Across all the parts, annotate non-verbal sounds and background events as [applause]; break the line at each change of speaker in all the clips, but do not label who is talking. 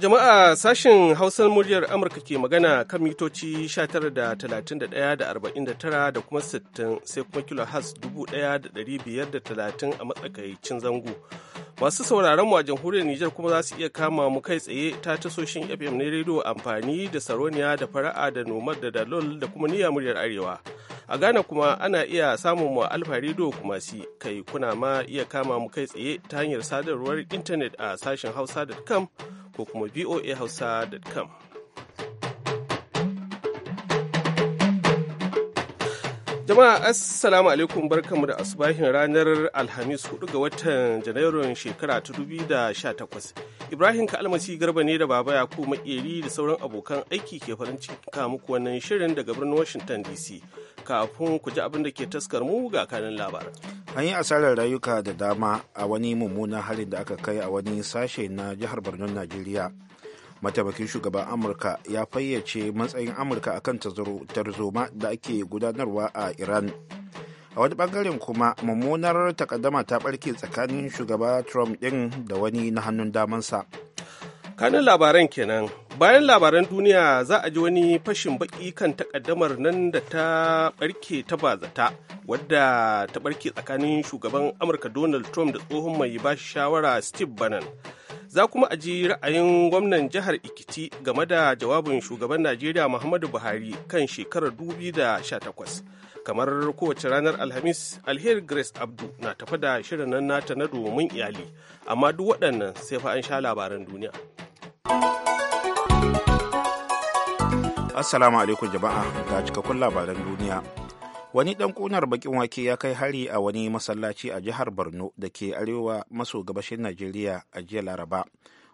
Jama'a sashen Hausar muryar Amurka ke magana kan mitoci 19.31.49 da kuma 60 sai kuma kilohertz 1530 a matsakaicin zango. Masu sauraron mu a jamhuriyar Nijar kuma za su iya kama mu kai tsaye ta tasoshin FM na rediyo amfani da Saroniya da Fara'a da Nomad da Dalol da kuma Niyya muryar Arewa. a ghana kuma ana iya samun mu alfa rido kuma si kai kuna ma iya kama mu kai tsaye ta hanyar sadarwar intanet a sashen hausa.com ko kuma voa hausa.com Jama'a Assalamu alaikum barkamu da asubahin ranar Alhamis 4 ga watan Janairun shekara ta 2018. Ibrahim Kalmasi Garba ne da Baba Yakubu Makeri da sauran abokan aiki ke farin cika muku wannan shirin daga birnin Washington DC. Kafin ku ji abin da ke taskar mu ga kanin labaran.
An yi asarar rayuka da dama a wani mummunan harin da aka kai a wani sashe na jihar Borno Najeriya. mataimakin shugaban amurka ya fayyace matsayin amurka akan tarzoma da ake gudanarwa a iran a wani bangaren kuma mummunar takaddama ta barke tsakanin shugaba trump din da wani na hannun damansa
kanin labaran kenan bayan labaran duniya za a ji wani fashin baki kan takaddamar nan da ta barke ta bazata wadda ta barke tsakanin shugaban amurka donald trump da tsohon mai bashi shawara steve bannon za kuma a ji ra'ayin gwamnan jihar ikiti game da jawabin shugaban najeriya muhammadu buhari kan shekarar da sha 2018 kamar kowace ranar alhamis alheri grace abdu na tafi da shirin nan nata na domin iyali amma duk waɗannan sai fa an sha labaran duniya
assalamu alaikum jama'a ga cikakkun labaran duniya wani dan kunar bakin wake ya kai hari a wani masallaci a jihar borno da ke arewa maso gabashin najeriya a jiya laraba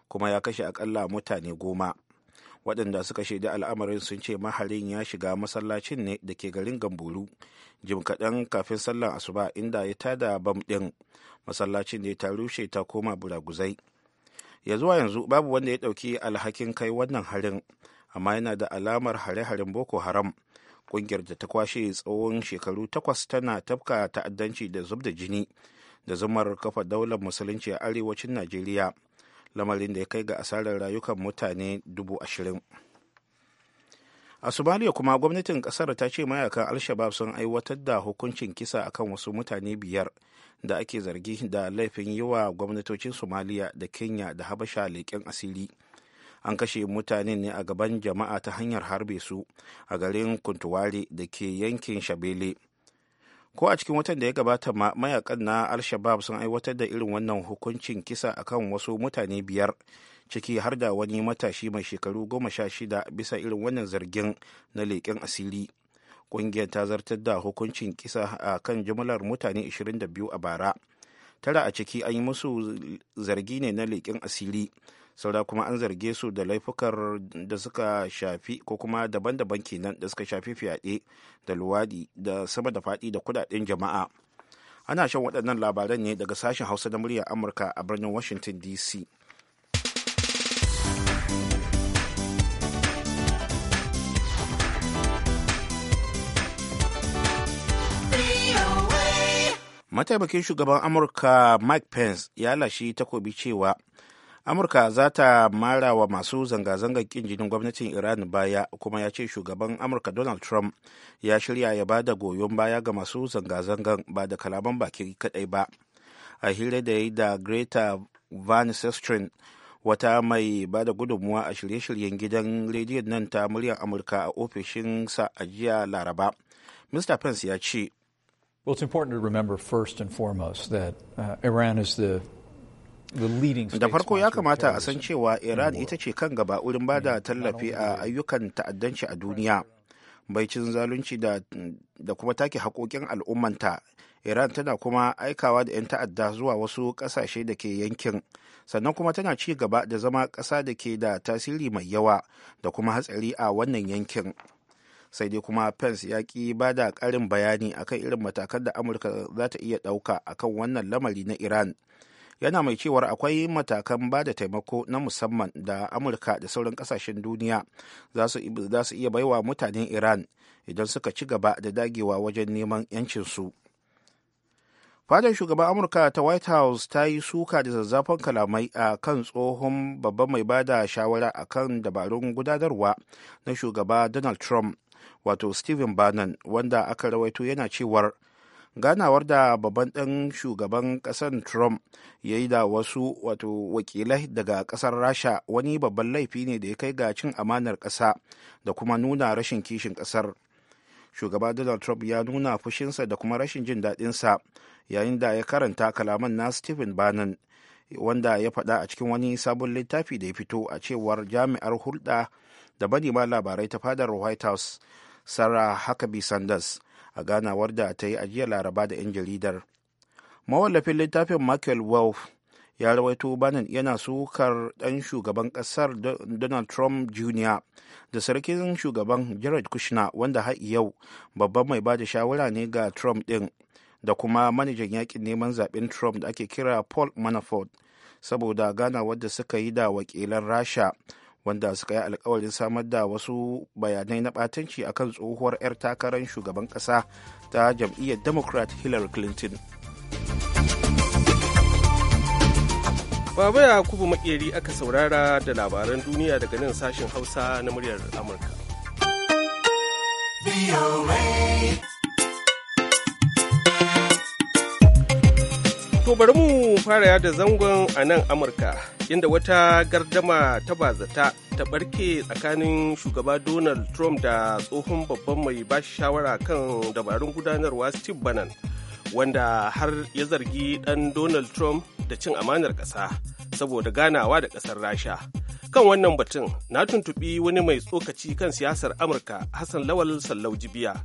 kuma ya kashe akalla mutane goma waɗanda suka shaida al'amarin sun ce maharin ya shiga masallacin ne da ke garin gamburu jim kaɗan kafin sallan asuba inda ya tada bam ɗin masallacin ne ta rushe ta koma buraguzai ya zuwa yanzu babu wanda ya ɗauki alhakin kai wannan harin amma yana da alamar hare-haren boko haram kungiyar da ta kwashe tsawon shekaru takwas tana tafka ta'addanci da zub da jini da zumar kafa daular musulunci a arewacin najeriya lamarin da ya kai ga asarar rayukan mutane dubu ashirin a somaliya kuma gwamnatin kasar ta ce mayakan alshabab sun aiwatar da hukuncin kisa akan wasu mutane biyar da ake zargi da laifin yi wa gwamnatocin somaliya da kenya da habasha leƙen asiri an kashe mutane ne a gaban jama'a ta hanyar harbe su a garin kuntuwari da ke yankin shabele ko a cikin watan da ya gabata ma mayakan na al-shabab sun aiwatar da irin wannan hukuncin kisa akan wasu mutane biyar ciki har da wani matashi mai shekaru goma sha shida bisa irin wannan zargin na leƙen asiri ƙungiyar ta zartar da hukuncin kisa a kan jimlar mutane 22 a bara tara a ciki an yi musu zargi ne na leƙen asiri saura kuma an zarge su da laifukar da suka shafi ko kuma daban-daban kenan da suka shafi fyaɗe da luwadi da sama da faɗi da kudaden jama'a ana shan waɗannan labaran ne daga sashen hausa da muryar amurka a birnin washington dc mataimakin shugaban amurka mike pence ya lashe takobi cewa amurka za ta mara wa masu zanga-zangar kin jinin gwamnatin iran baya kuma ya ce shugaban amurka donald trump ya shirya ya ba da goyon baya ga masu zanga-zangar ba da kalaman baki kadai ba a hira da yi da greta van sestrin wata mai ba da gudunmuwa a shirye-shiryen gidan rediyon nan ta muryar amurka a ofishinsa a jiya laraba mr pence ya ce
Well, it's important to remember first and foremost that uh, Iran is the
da farko ya kamata a san cewa iran ita ce kan gaba wurin ba da mm. tallafi a ayyukan ta'addanci a duniya baicin zalunci da kuma take haƙoƙin al'ummanta iran tana kuma aikawa da 'yan ta'adda zuwa wasu ƙasashe da ke yankin sannan kuma tana ci gaba da zama ƙasa da ke da tasiri mai yawa da kuma hatsari a wannan yankin sai dai kuma pence ya ki ba da ƙarin bayani akan irin matakan da amurka za ta iya ɗauka akan wannan lamari na iran yana mai cewar akwai matakan ba da taimako na musamman da amurka da sauran kasashen duniya za su iya baiwa mutanen iran idan suka ci gaba da dagewa wajen neman 'yancinsu fadar shugaban amurka ta white house ta yi suka da zazzafan kalamai a kan tsohon babban mai bada shawara a kan dabarun gudanarwa na shugaba donald trump wato stephen bannon wanda aka rawaito yana cewar ganawar da babban ɗan shugaban ƙasar trump ya yi da wasu wato wakilai daga ƙasar rasha wani babban laifi ne da ya kai ga cin amanar ƙasa da kuma nuna rashin kishin ƙasar shugaba donald trump ya nuna fushinsa da kuma rashin jin daɗinsa yayin da ya karanta kalaman na stephen bannon wanda ya faɗa a cikin wani sabon littafi da ya fito a cewar jami'ar hulɗa da manema labarai ta fadar white house sarah huckabee sanders a ganawar da ta yi a jiya laraba da 'yan jaridar mawallafin littafin michael wolf ya rawaito banan yana sukar ɗan shugaban ƙasar donald trump jr da sarkin shugaban jared kushner wanda har yau babban mai ba da shawara ne ga trump ɗin da kuma manajan yakin neman zaben trump da ake kira paul manafort saboda ganawar da suka yi da wakilan rasha wanda suka yi alkawarin samar da wasu bayanai na batanci akan tsohuwar 'yar takarar shugaban ƙasa ta jam'iyyar democrat hillary clinton
Baba Yakubu Makeri aka saurara da labaran duniya daga nan sashen Hausa na muryar Amurka. To bari mu fara yada zangon a nan Amurka, inda wata gardama ta bazata ta barke tsakanin shugaba Donald Trump da tsohon babban mai ba shawara kan dabarun gudanarwa Steve Bannon, wanda har ya zargi ɗan Donald Trump da cin amanar ƙasa saboda ganawa da ƙasar Rasha. Kan wannan batun, na tuntubi wani mai tsokaci kan siyasar Amurka, Hassan Lawal Sallau Jibiya,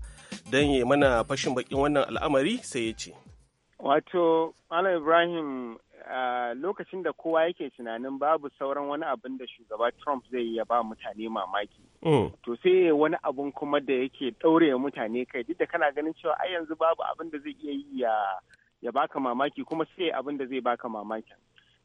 don ya mana fashin bakin wannan al'amari sai ya ce.
Wato, Malam Ibrahim a lokacin da kowa yake tunanin babu sauran wani abin da shugaba Trump zai yi ya ba mutane mamaki. Mm. To sai wani abun kuma da yake ɗaure mutane kai duk da kana ganin cewa ai yanzu babu abin da zai iya yi ya baka mamaki kuma sai abin da zai baka mamaki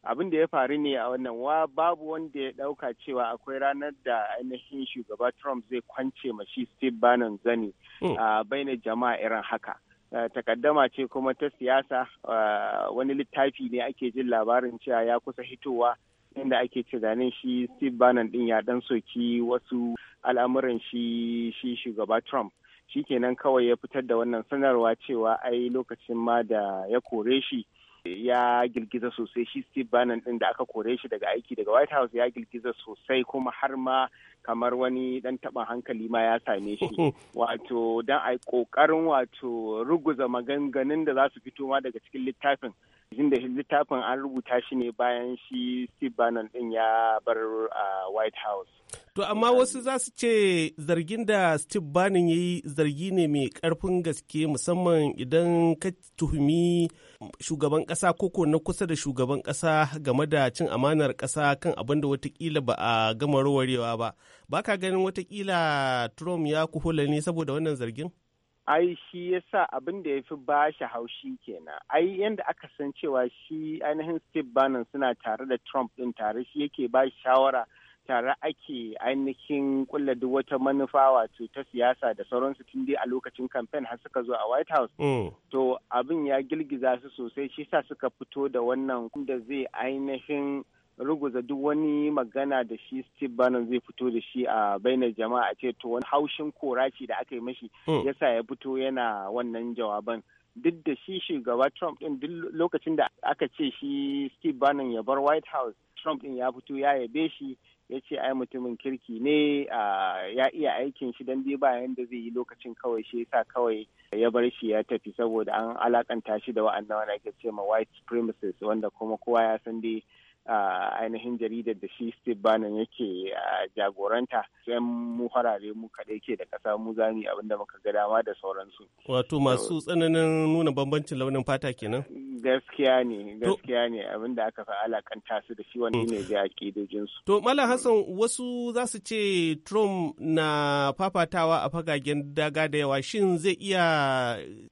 Abin da ya faru ne a wannan wa babu wanda ya ɗauka cewa akwai ranar da ainihin shugaba Trump zai kwance mashi Steve Bannon zani mm. a bainar jama'a irin haka. Eh, takaddama ce kuma ta siyasa eh, wani littafi ne ake jin labarin cewa ya kusa hitowa inda ake ce ganin shi steve bannon din ya dan soki wasu al'amuran shi shugaba trump shi kenan kawai ya fitar da wannan sanarwa cewa ai lokacin ma da ya kore shi ya girgiza sosai shi Steve Bannon din da aka kore shi daga aiki daga White House ya girgiza sosai kuma har ma kamar wani dan taɓin hankali ma ya same shi [laughs] wato dan ai kokarin wato ruguza maganganun da za su fito ma daga cikin littafin jin da littafin an rubuta shi ne bayan shi Steve Bannon din ya bar ah, White House
To amma wasu za su ce zargin da Steve Bannon ya yi zargi ne mai karfin gaske musamman idan ka tuhumi shugaban ƙasa koko na kusa da shugaban ƙasa game da cin amanar ƙasa kan abin da watakila ba a gama rawarewa ba. Ba ka ganin watakila Trump ya kuhula ne saboda wannan zargin?
Ai shi ya sa abin da ya fi ba shi haushi kenan. Ai yanda aka san cewa shi ainihin Steve Bannon suna tare da Trump ɗin tare shi yake ba shawara. tare ake ainihin kulla duk wata manufa wato ta siyasa da sauransu tun dai a lokacin kamfen har suka zo a white house mm. to abin ya girgiza su sosai shi sa suka fito da wannan da zai ainihin ruguza duk wani magana da shi Steve Bannon zai fito da shi a bainar jama'a ce to wani haushin kora da aka yi mashi mm. yasa ya fito yana wannan jawaban duk da shi shugaba Trump din duk lokacin da aka ce shi Steve Bannon ya bar White House Trump din ya fito ya yabe shi ya ce ai mutumin kirki ne ya iya aikin shi don bai bayan da zai yi lokacin kawai shi yasa kawai ya bar shi ya tafi saboda an alakanta shi da wa'annan wani ake ce ma white supremacists wanda kuma kowa ya san dai ainihin jaridar da shi steve bannon yake jagoranta yan mu mu kaɗai ke da ƙasa mu zami abinda muka ga dama da sauransu
wato masu tsananin nuna bambancin launin fata kenan gaskiya ne gaskiya ne abinda aka fi alakanta su da shi wani ne da su. to Mala hassan wasu za su ce trump na fafatawa a fagagen daga da yawa shin zai iya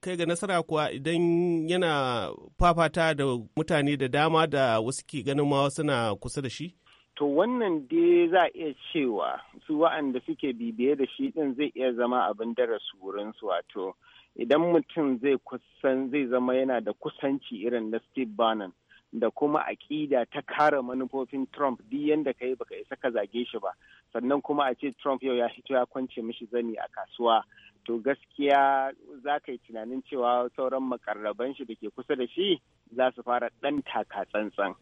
kai ga nasara kuwa idan yana fafata da mutane da dama da wasu ke ganin ma Hausawa suna kusa da shi?
To wannan dai za a iya cewa su wa'anda suke bibiye da shi ɗin zai iya zama abin darasi wurinsu wato idan mutum zai kusan zai zama yana da kusanci irin na Steve Bannon da kuma aƙida ta kare manufofin Trump duk yadda ka yi baka isa ka zage shi ba sannan kuma a ce Trump yau ya hito ya kwance mishi zani a kasuwa to gaskiya za ka yi tunanin cewa sauran makarraban shi da ke kusa da shi za su fara ɗan taka tsantsan.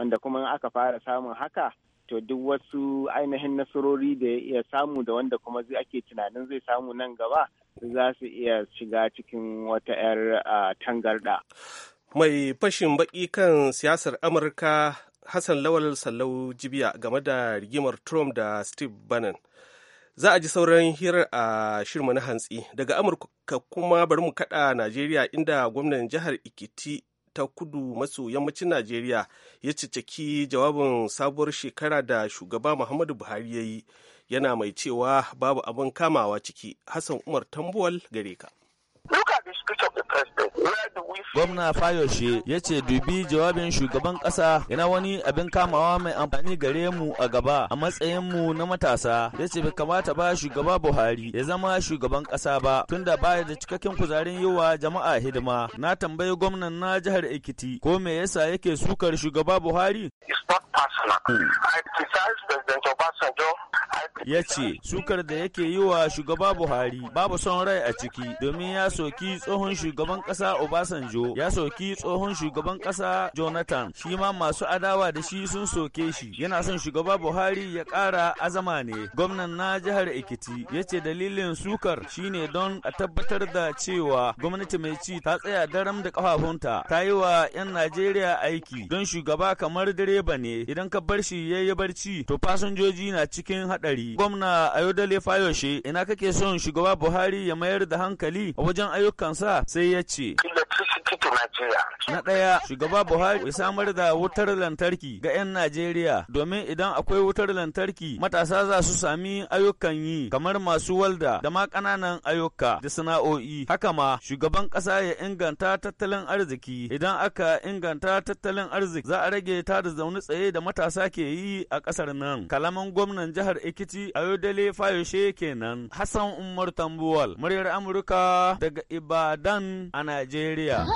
wanda kuma aka fara samun haka to duk wasu ainihin nasarori da ya iya samu da wanda kuma zai ake tunanin zai samu nan gaba za su iya shiga cikin wata 'yar
tangarda. Mai fashin baki kan siyasar Amurka Hassan Lawal Sallau Jibiya game da rigimar Trump da Steve Bannon. Za a ji sauran hirar a shirma na hantsi. Daga Amurka kuma bari mu kada Najeriya inda gwamnan jihar Ikiti ta kudu maso yammacin najeriya ya cicciki jawabin sabuwar shekara da shugaba muhammadu buhari ya yi yana mai cewa babu abin kamawa ciki hassan umar tambuwal gare ka
Gwamna Fayoshe ya ce dubi jawabin shugaban ƙasa yana wani abin kamawa mai amfani gare mu a gaba a matsayin mu na matasa ya ce bai kamata ba shugaba Buhari ya zama shugaban ƙasa ba tunda baya da cikakken kuzarin yi wa jama'a hidima. Na tambayi gwamnan na jihar Ekiti ko me yasa yake sukar shugaba Buhari? It's hmm. I ya ce sukar da yake yi wa shugaba buhari babu son rai a ciki domin ya soki tsohon shugaban kasa obasanjo ya soki tsohon shugaban kasa jonathan shi ma masu adawa da shi sun soke shi yana son shugaba buhari ya kara azama ne gwamnan na jihar ekiti ya ce dalilin sukar shine don a tabbatar da cewa gwamnati mai ci ta tsaya daram da kafafunta ta yi wa 'yan najeriya aiki don shugaba kamar direba ne idan ka bar shi ya yi barci to fasinjoji na cikin haɗari hatsari. Gwamna Ayodele Fayoshe ina kake son shugaba Buhari ya mayar da hankali a wajen ayyukansa sai ya ce. Na ɗaya, shugaba Buhari ya samar da wutar lantarki ga 'yan Najeriya domin idan akwai wutar lantarki matasa za su sami ayyukan yi kamar masu walda da ma kananan ayyuka da sana'o'i. Haka ma shugaban ƙasa ya inganta tattalin arziki idan aka inganta tattalin arziki za a rage ta da zaune tsaye da matasa ke yi a ƙasar nan. Kalaman gwamnan jihar Eke rikici a yau yodale fayoshe kenan Hassan Umar Tambuwal muryar Amurka daga Ibadan a Najeriya.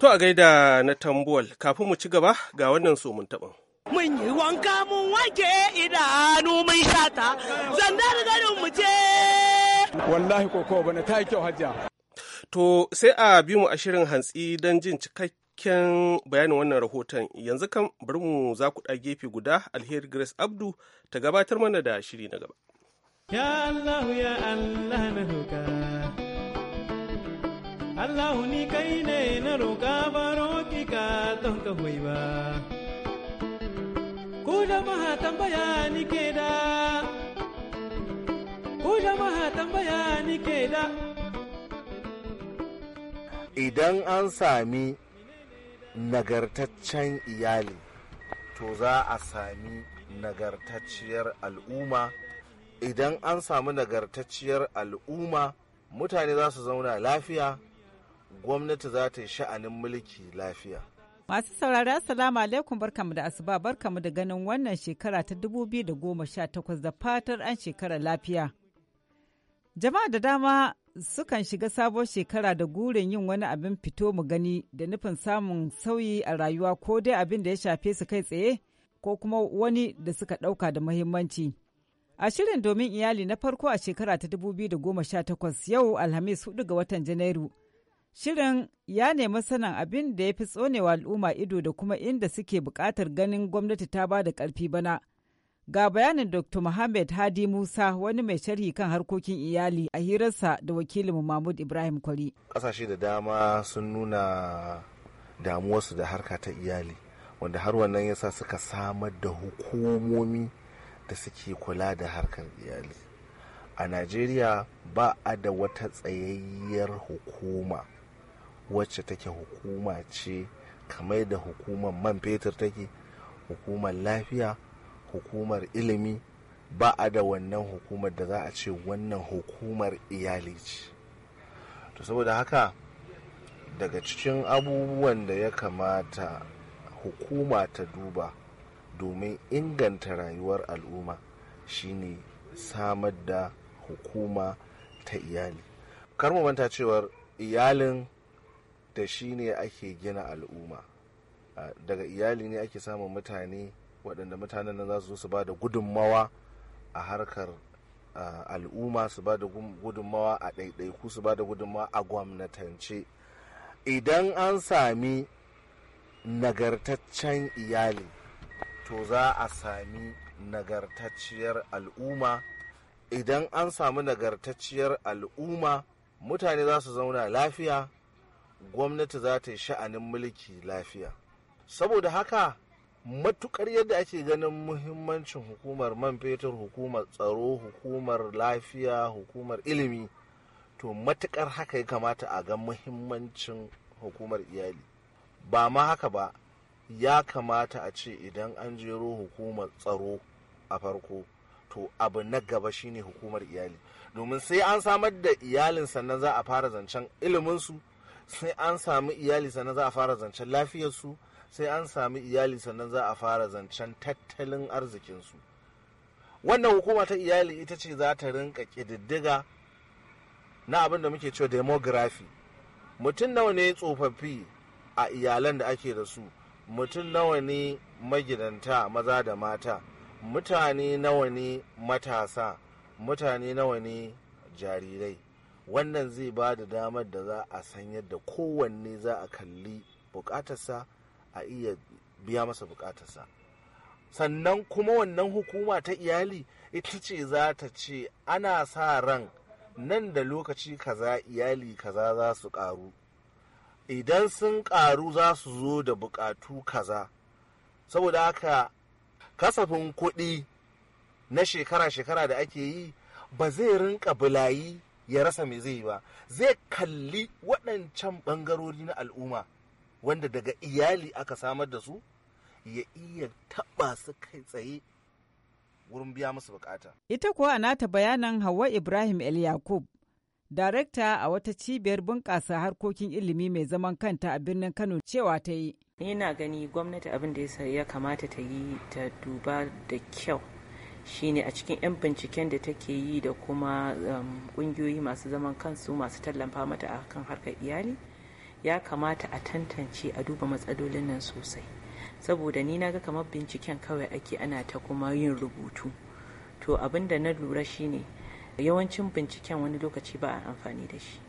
To a gaida na Tambuwal kafin mu ci gaba ga wannan somun taɓa.
mun yi wanka mun wanke idanu mun shata zan da garin mu je wallahi koko
bane ta yi kyau hajja To sai a bi mu a shirin hantsi don jin cikakken bayanin wannan rahoton yanzu kan bari mu za ku ɗa gefe guda alheri Grace Abdu ta gabatar mana da shiri na gaba.
Ya Allah ya Allah na roƙa Allah ni kai ne na roƙa baro ki ka don ka hoyi ba. Ku jama'a tambaya ni ke da, ku jama'a tambaya ni ke da.
idan an sami nagartaccen iyali to za a sami nagartacciyar al'umma idan an sami nagartacciyar al'umma mutane za su zauna lafiya gwamnati za ta yi sha'anin mulki lafiya
masu saurari assalamu alaikum barkamu da asuba barkamu da ganin wannan shekara ta 2018 da fatar an shekara lafiya jama'a da dama sukan shiga sabon shekara da gurin yin wani abin fito mu gani da nufin samun sauyi a rayuwa ko dai abin da ya shafe su kai tsaye ko kuma wani da suka ɗauka da muhimmanci. A shirin domin iyali na farko a shekara ta 2018 yau Alhamis 4 ga watan Janairu. Shirin ya nemi sanin abin da ya fi tsonewa al'umma ido da kuma inda suke buƙatar ganin gwamnati ta ba da ƙarfi bana Ga bayanin Dr. Mohamed Hadi Musa wani mai sharhi kan harkokin iyali a hirarsa da wakilin Mahmud Ibrahim Kwari.
Ƙasashe da dama sun nuna damuwarsu da harka ta iyali, wanda har wannan yasa suka samar da hukumomi da suke kula da harkar iyali. A Najeriya ba a da wata tsayayyar hukuma wacce take hukuma ce kamar da hukumar man fetur take, hukumar lafiya. hukumar ilimi ba a da wannan hukumar da za a ce wannan hukumar iyali ce to saboda haka daga cikin abubuwan da ya kamata hukuma ta duba domin inganta rayuwar al'umma shine samar da hukuma ta iyali kar mu manta cewar iyalin da shi ake gina al'umma daga iyali ne ake samun mutane waɗanda mutanen nan za su zo su ba da gudunmawa a harkar al'umma su ba da gudunmawa a ɗaiɗaiku su ba da gudunmawa a gwamnatance idan an sami nagartaccen iyali to za a sami nagartacciyar al'umma idan an sami nagartacciyar al'umma mutane za su zauna lafiya gwamnati za ta yi sha'anin mulki lafiya saboda haka matukar yadda ake ganin muhimmancin hukumar man fetur hukumar tsaro hukumar lafiya hukumar ilimi to matukar haka ya kamata a ga muhimmancin hukumar iyali ba ma haka ba ya kamata a ce idan an jero hukumar tsaro a farko to abu na gaba shine hukumar iyali domin sai an samar da iyalin sannan za a fara zancen iliminsu sai an sami iyali sannan za a fara zancen lafiyarsu sai an sami iyali sannan za a fara zancen tattalin arzikinsu wannan hukuma ta iyali ita ce za ta rinka ƙididdiga na abin da muke cewa demography mutum nawa ne tsofaffi a iyalan da ake da su mutum nawa ne magidanta maza da mata mutane nawa ne matasa mutane nawa ne jarirai wannan zai ba da damar da za a san yadda kowanne za a kalli bukatarsa a iya biya masa bukatarsa sannan kuma wannan hukuma ta iyali ita ce za ta ce ana sa ran nan da lokaci kaza iyali kaza za su karu idan sun karu za su zo da bukatu kaza saboda haka kasafin kuɗi na shekara-shekara da ake yi ba zai rinka bulayi ya rasa mai zai ba zai kalli waɗancan ɓangarori na al'umma wanda daga iyali aka samar da su ya iya taɓa su kai tsaye wurin biya musu bukata.
Ita kuwa nata bayanan hawa Ibrahim El Yakub, darekta a wata cibiyar bunƙasa harkokin ilimi mai zaman kanta a birnin Kano cewa ta yi. Ina gani
gwamnati abin da ya kamata ta yi ta duba da kyau shine a cikin 'yan binciken da take yi da kuma um, ƙungiyoyi masu zaman kansu masu tallafa mata a kan harkar iyali ya kamata a tantance a duba matsalolin nan sosai saboda ni naga kamar binciken kawai ake ana ta kuma yin rubutu to abin da na lura shine yawancin binciken wani lokaci ba a amfani da shi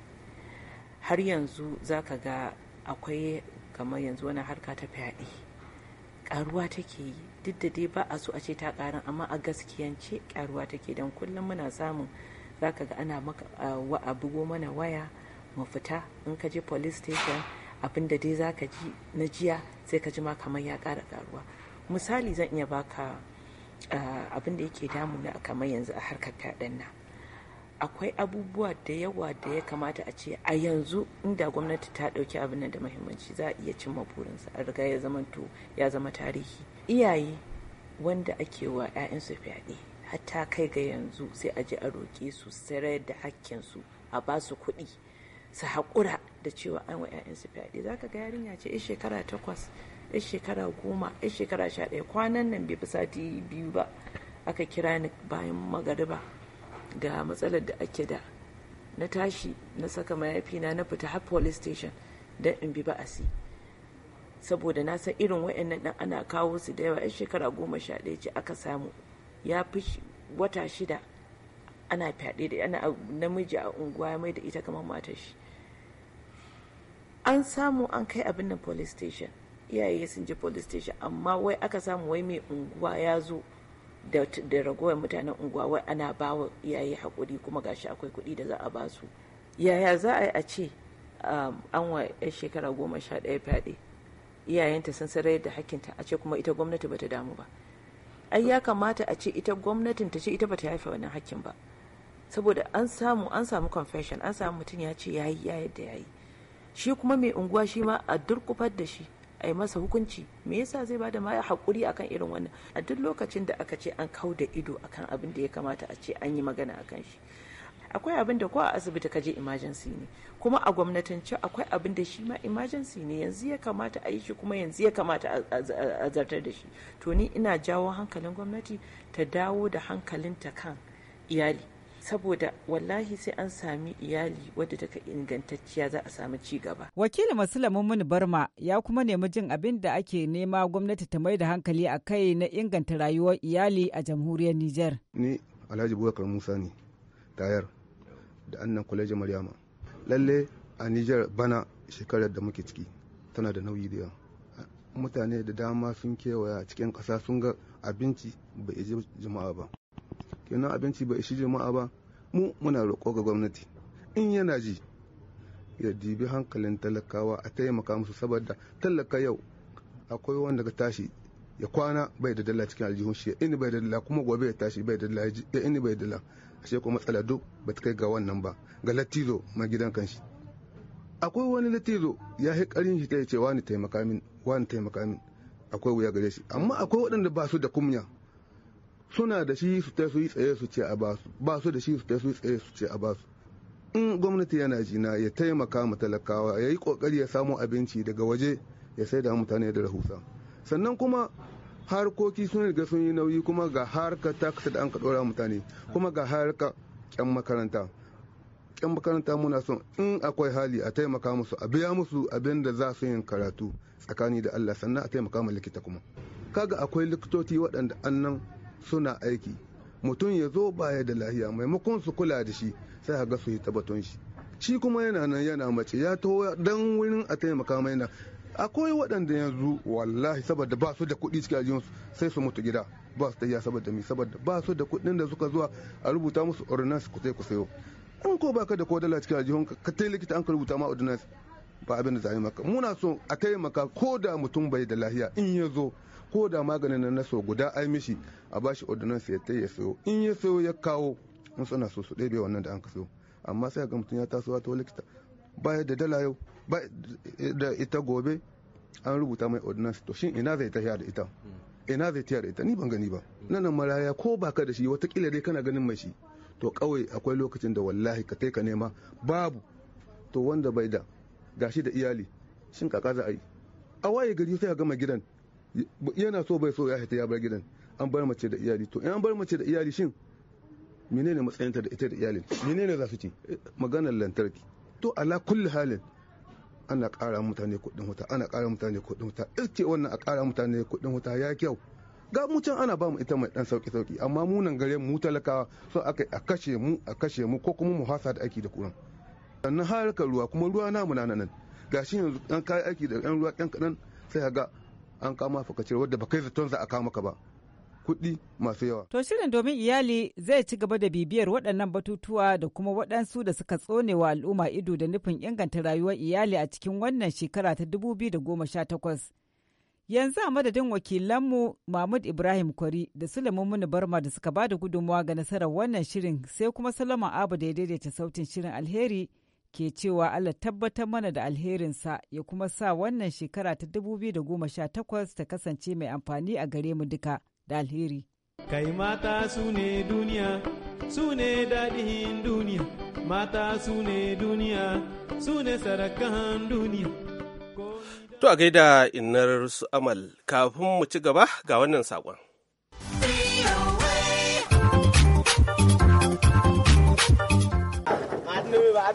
har yanzu za ka ga akwai kamar yanzu wani harka ta fyaɗe ƙaruwa take yi duk da dai ba a so a ce ta ƙarin amma a gaskiyance ƙaruwa take don kullum muna samun za ka ga ana bugo mana waya mu fita in ka je police station abin da dai zaka ji na jiya sai ka ji ma kamar ya ƙara karuwa misali zan iya baka eh, abin da yake damuna kamar yanzu a harkar fyaɗen nan akwai abubuwa da yawa da ya kamata a ce a yanzu inda gwamnati ta ɗauki abin nan da muhimmanci za a iya cimma burinsa a riga ya zama to ya zama tarihi iyaye wanda ake wa 'ya'yansu fyaɗe hatta kai ga yanzu sai a je a roƙe su sayar da hakkinsu a ba su kuɗi su haƙura da cewa an wa su fyaɗe za ka ga yarinya ce 'yar shekara takwas 'yar shekara goma 'yar shekara sha ɗaya kwanan nan bai fi sati biyu ba aka kira ni bayan magariba ga matsalar da ake da na tashi na saka mayafina na fita har police station don in bi ba'asi saboda na san irin wa'annan dan ana kawo su da yawa yan shekara goma sha ɗaya ce aka samu ya fi wata shida ana fyaɗe da ana namiji a unguwa mai da ita kamar matar shi an samu an kai abin nan police station iyaye sun je police station amma wai aka samu wai mai unguwa ya zo da ragowar mutanen unguwa wai ana ba wa iyaye haƙuri kuma gashi akwai kuɗi da za a ba su yaya za a yi a ce um, an wa 'yan shekara goma sha ɗaya fyaɗe iyayenta sun sarai da hakkinta a ce kuma ita gwamnati bata damu ba ai ya kamata a ce ita gwamnatin ta ce ita bata haifa wannan hakkin ba saboda an samu an samu confession an samu mutum ya ce yayi ya yadda yayi shi kuma mai unguwa shi ma a durkufar da shi a yi masa hukunci me yasa zai bada ma ya haƙuri akan irin wannan a duk lokacin da aka ce an kau da ido akan abin da ya kamata a ce an yi magana akan shi akwai abin da ko a asibiti ka je emergency ne kuma a gwamnatance akwai abin da shi ma emergency ne yanzu ya kamata a yi shi kuma yanzu ya kamata a zartar da shi to ni ina jawo hankalin gwamnati ta dawo da hankalinta kan iyali saboda wallahi sai an sami iyali wadda ta ingantacciya za a samu ci gaba.
Wakilin Musulamin Muni Barma ya kuma nemi jin abin da ake nema gwamnati ta mai da hankali a kai na inganta rayuwar iyali a jamhuriyar Nijar.
Ni Alhaji Bukar Musa ne, tayar da annan kwalejin Maryama. Lalle a Nijar bana shekarar da muke ciki tana da nauyi da yawa. Mutane da dama sun kewaya cikin ƙasa sun ga abinci bai iji jama'a ba. kenan abinci bai ishi jama'a ba mu muna roƙo ga gwamnati in yana ji ya dibi hankalin talakawa a taimaka musu saboda talaka yau akwai wanda ka tashi ya kwana bai da dala cikin aljihun shi ini bai da dala kuma gobe ya tashi bai da dala ya ini bai da dala ashe kuma matsala duk ba ta kai ga wannan ba ga latizo ma gidan kanshi akwai wani latizo ya yi karin shi ta ce wani taimaka min wani taimaka min akwai wuya gare shi amma akwai waɗanda ba su da kumya suna da shi su ta yi tsaye su ce a basu ba su da shi su ta yi tsaye su ce a basu in gwamnati yana jina ya taimaka ma talakawa ya yi kokari ya samo abinci daga waje ya sai da mutane da rahusa sannan kuma harkoki sun riga sun yi nauyi kuma ga harka tax da an ka dora mutane kuma ga harka kyan makaranta kyan makaranta muna son in akwai hali a taimaka musu a biya musu abin da za su yin karatu tsakani da Allah sannan a taimaka ma likita kuma kaga akwai likitoci waɗanda annan suna aiki mutum ya zo baya da lahiya maimakon su kula da shi sai ga su yi tabbaton shi shi kuma yana nan yana mace ya to dan wurin a taimaka mai nan akwai waɗanda yanzu wallahi saboda ba su da kuɗi cikin su sai su mutu gida ba su tayya saboda mi saboda ba su da kuɗin da suka zuwa a rubuta musu ordinance ku sai ku sayo an ko baka da kodala cikin ajiyar ka tai likita an ka rubuta ma ordinance ba abin da zai maka muna so a taimaka ko da mutum bai da lahiya in ya zo ko da maganin nan na so guda ai mishi a bashi ordinance ya ta ya sayo in ya sayo ya kawo in suna so su ɗebe wannan da an ka sayo amma sai ga mutum ya taso ta likita baya da dala yau ba da ita gobe an rubuta mai ordinance to shin ina zai tafiya da ita ina zai tafiya da ita ni ban gani ba nan maraya ko baka da shi watakila dai kana ganin mai shi to kawai akwai lokacin da wallahi ka kai ka nema babu to wanda bai da gashi da iyali shin kaka za a yi a waye gari sai a gama gidan yana so bai so ya haita ya bar gidan an bar mace da iyali to in bar mace da iyali shin menene matsayinta da ita da iyalin menene za su ce maganar lantarki to ala kulli halin ana ƙara mutane kuɗin wuta ana ƙara mutane kuɗin wuta ce wannan a ƙara mutane kuɗin wuta ya kyau ga mu can ana ba mu ita mai dan sauki sauki amma mu nan gare mu talakawa so aka a kashe mu a kashe mu ko kuma mu hasa da aiki da kuran sannan harkar ruwa kuma ruwa namu na nan gashi yanzu an kai aiki da yan ruwa kan kan sai ga an kama fakacir wadda ba kai zaton za a kama ka ba kuɗi masu yawa.
To shirin domin iyali zai ci gaba da bibiyar waɗannan batutuwa da kuma waɗansu da suka tsone wa al'umma ido da nufin inganta rayuwar iyali a cikin wannan shekara ta 2018. Yanzu a madadin wakilanmu Mahmud Ibrahim Kwari da Sulaiman Muni Barma da suka ba da gudunmawa ga nasarar wannan shirin sai kuma Salama Abu da ya daidaita sautin shirin alheri. ke cewa Allah tabbatar mana da alherinsa ya kuma sa wannan shekara ta 2018 ta kasance mai amfani a gare mu duka
da alheri. Kai mata su ne duniya, su ne daɗin duniya, mata su ne duniya, su ne sarakan duniya.
To a gaida inar su amal, kafin mu ci gaba ga wannan saƙon.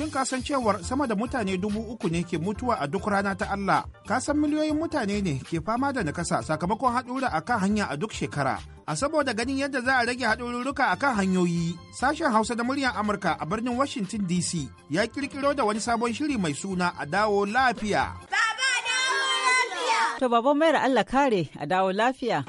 Shin kasan san cewar sama da mutane dubu uku ne ke mutuwa a duk rana ta Allah? kasan san miliyoyin mutane ne ke fama da nakasa sakamakon haɗura a kan hanya a duk shekara. A saboda ganin yadda za a rage haɗururruka a kan hanyoyi, sashen Hausa da muryar Amurka a birnin Washington DC ya ƙirƙiro da wani sabon shiri mai suna a dawo lafiya. Baba dawo lafiya! To baban mayar Allah kare a dawo lafiya.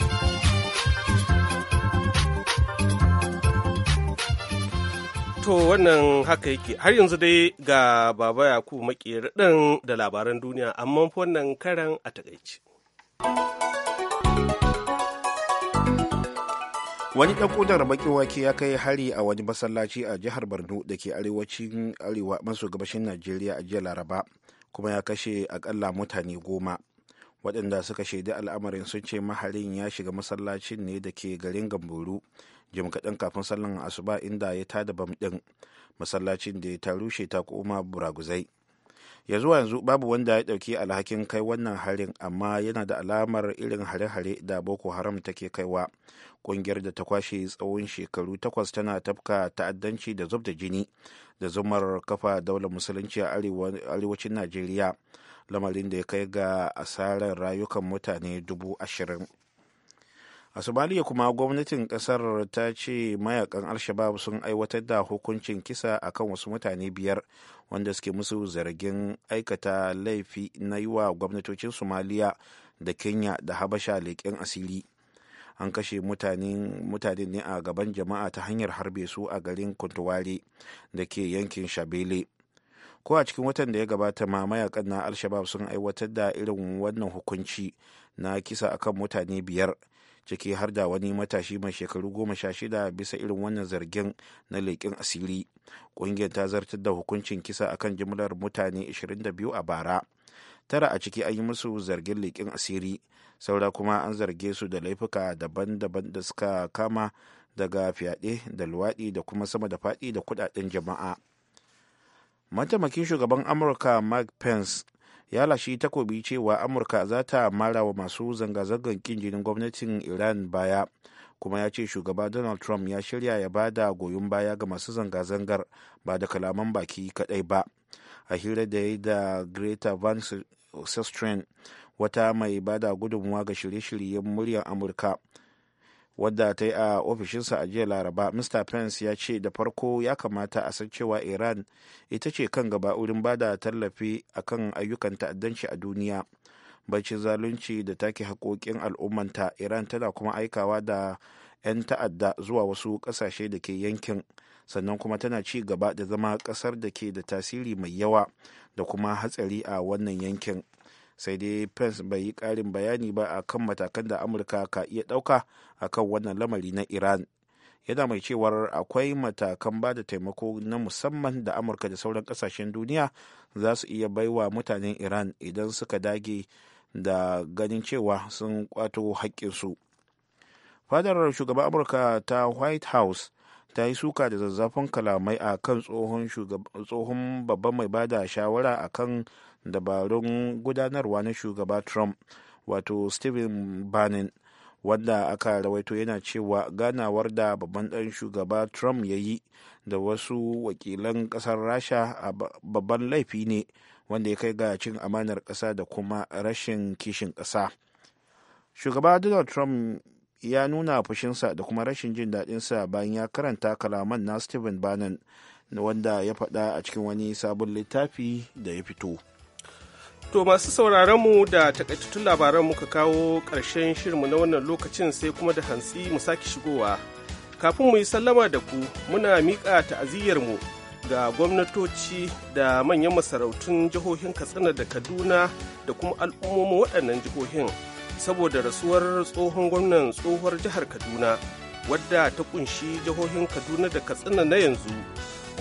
To wannan haka yake har yanzu dai ga baba yaku makeri ɗin da labaran duniya amma wannan karan a takaici.
Wani ɗan ƙunar baƙin wake ya kai hari a wani masallaci a jihar Borno da ke arewacin arewa maso gabashin Najeriya a jiya Laraba kuma ya kashe akalla mutane goma. Waɗanda suka shaidi al'amarin sun ce maharin ya shiga masallacin ne da ke garin Gamburu jim kaɗan kafin sallan asuba inda ya tada bam ɗin masallacin da ya ta rushe ta koma buraguzai ya zuwa yanzu babu wanda ya ɗauki alhakin kai wannan harin amma yana da alamar irin hare-hare da boko haram take kaiwa ƙungiyar da ta kwashe tsawon shekaru takwas tana tafka ta'addanci da zub da jini da zumar kafa daular musulunci a arewacin najeriya lamarin da ya kai ga asarar rayukan mutane dubu ashirin a somaliya kuma gwamnatin kasar ta ce mayakan alshabab sun aiwatar da hukuncin kisa akan wasu mutane biyar wanda suke musu zargin aikata laifi na yi wa gwamnatocin somaliya da kenya da habasha leƙen asiri an kashe mutane ne a gaban jama'a ta hanyar harbe su a garin kuntuware da ke yankin shabele ko a cikin watan da ya gabata ma mayakan na alshabab sun aiwatar da irin wannan hukunci na kisa akan mutane biyar ciki har da wani matashi mai shekaru goma sha shida bisa irin wannan zargin na leƙin asiri ƙungiyar ta zartar da hukuncin kisa akan jimlar mutane 22 a bara tara a ciki an yi musu zargin leƙin asiri saura kuma an zarge su da laifuka daban-daban da suka kama daga fyaɗe da luwaɗi da kuma sama da faɗi da kuɗaɗen jama'a mataimakin shugaban amurka mike pence ya lashi takobi cewa amurka za ta mara wa masu zanga-zangar kin jinin gwamnatin iran baya kuma ya ce shugaba donald trump ya shirya ya ba da goyon baya ga masu zanga-zangar ba da kalaman baki kadai ba a hira da ya da greta van sestrin wata mai ba da gudunmuwa ga shirye-shiryen muryar amurka wadda ta yi a ofishinsa a jiya laraba mr pence ya ce da farko ya kamata a san cewa iran ita ce kan gaba wurin ba da tallafi kan ayyukan ta'addanci a duniya bacin zalunci da take haƙoƙin al'ummanta iran tana kuma aikawa da 'yan ta'adda zuwa wasu ƙasashe da ke yankin sannan kuma tana ci gaba da zama ƙasar da ke da tasiri mai yawa da kuma hatsari a wannan yankin. sai dai pence bai yi ƙarin bayani ba a kan matakan da amurka ka iya ɗauka a kan wannan lamari na iran yana mai cewar akwai matakan ba da taimako na musamman da amurka da sauran kasashen duniya za su iya baiwa mutanen iran idan suka dage da ganin cewa sun kwato haƙƙinsu fadar shugaban amurka ta white house ta yi suka da zazzafin kalamai a kan tsohon babban mai bada shawara a kan dabarun gudanarwa na shugaba trump wato stephen bannon wanda aka rawaito yana cewa ganawar da babban ɗan shugaba trump ya yi da wasu wakilan ƙasar rasha a babban laifi ne wanda ya kai ga cin amanar ƙasa da kuma rashin kishin ƙasa shugaba donald trump ya nuna fushinsa da kuma rashin jin daɗinsa bayan ya karanta kalaman na stephen bannon wanda ya faɗa a cikin wani sabon littafi da ya fito.
To masu sauraronmu da takaitattun labaran muka kawo ƙarshen shirinmu na wannan lokacin sai kuma da hantsi mu sake shigowa. Kafin mu yi sallama da ku muna miƙa ta'aziyyarmu ga gwamnatoci da manyan masarautun jihohin Katsina da Kaduna da kuma al'ummomin waɗannan jihohin saboda rasuwar tsohon gwamnan tsohuwar jihar Kaduna wadda ta kunshi jihohin Kaduna da Katsina na yanzu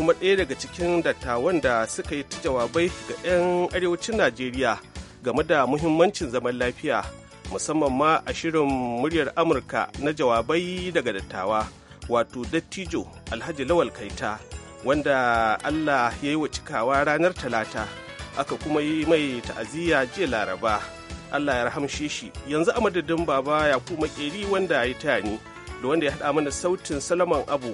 kuma ɗaya daga cikin dattawan da suka yi ta jawabai ga 'yan arewacin najeriya game da muhimmancin zaman lafiya musamman ma a shirin muryar amurka na jawabai daga dattawa wato dattijo alhaji lawal kaita wanda allah ya yi wa cikawa ranar talata aka kuma yi mai ta'aziyya jiya laraba allah ya rahamshe shi yanzu a madadin baba ya kuma keri wanda ya yi ni, da wanda ya haɗa mana sautin salaman abu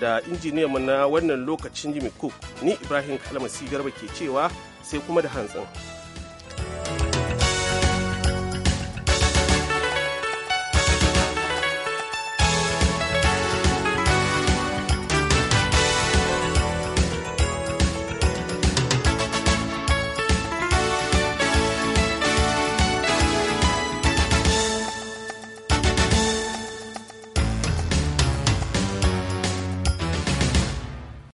da injiniyanmu na wannan lokacin Jimmy Cook, ni Ibrahim kalmasi Garba ke cewa sai kuma da hantsin.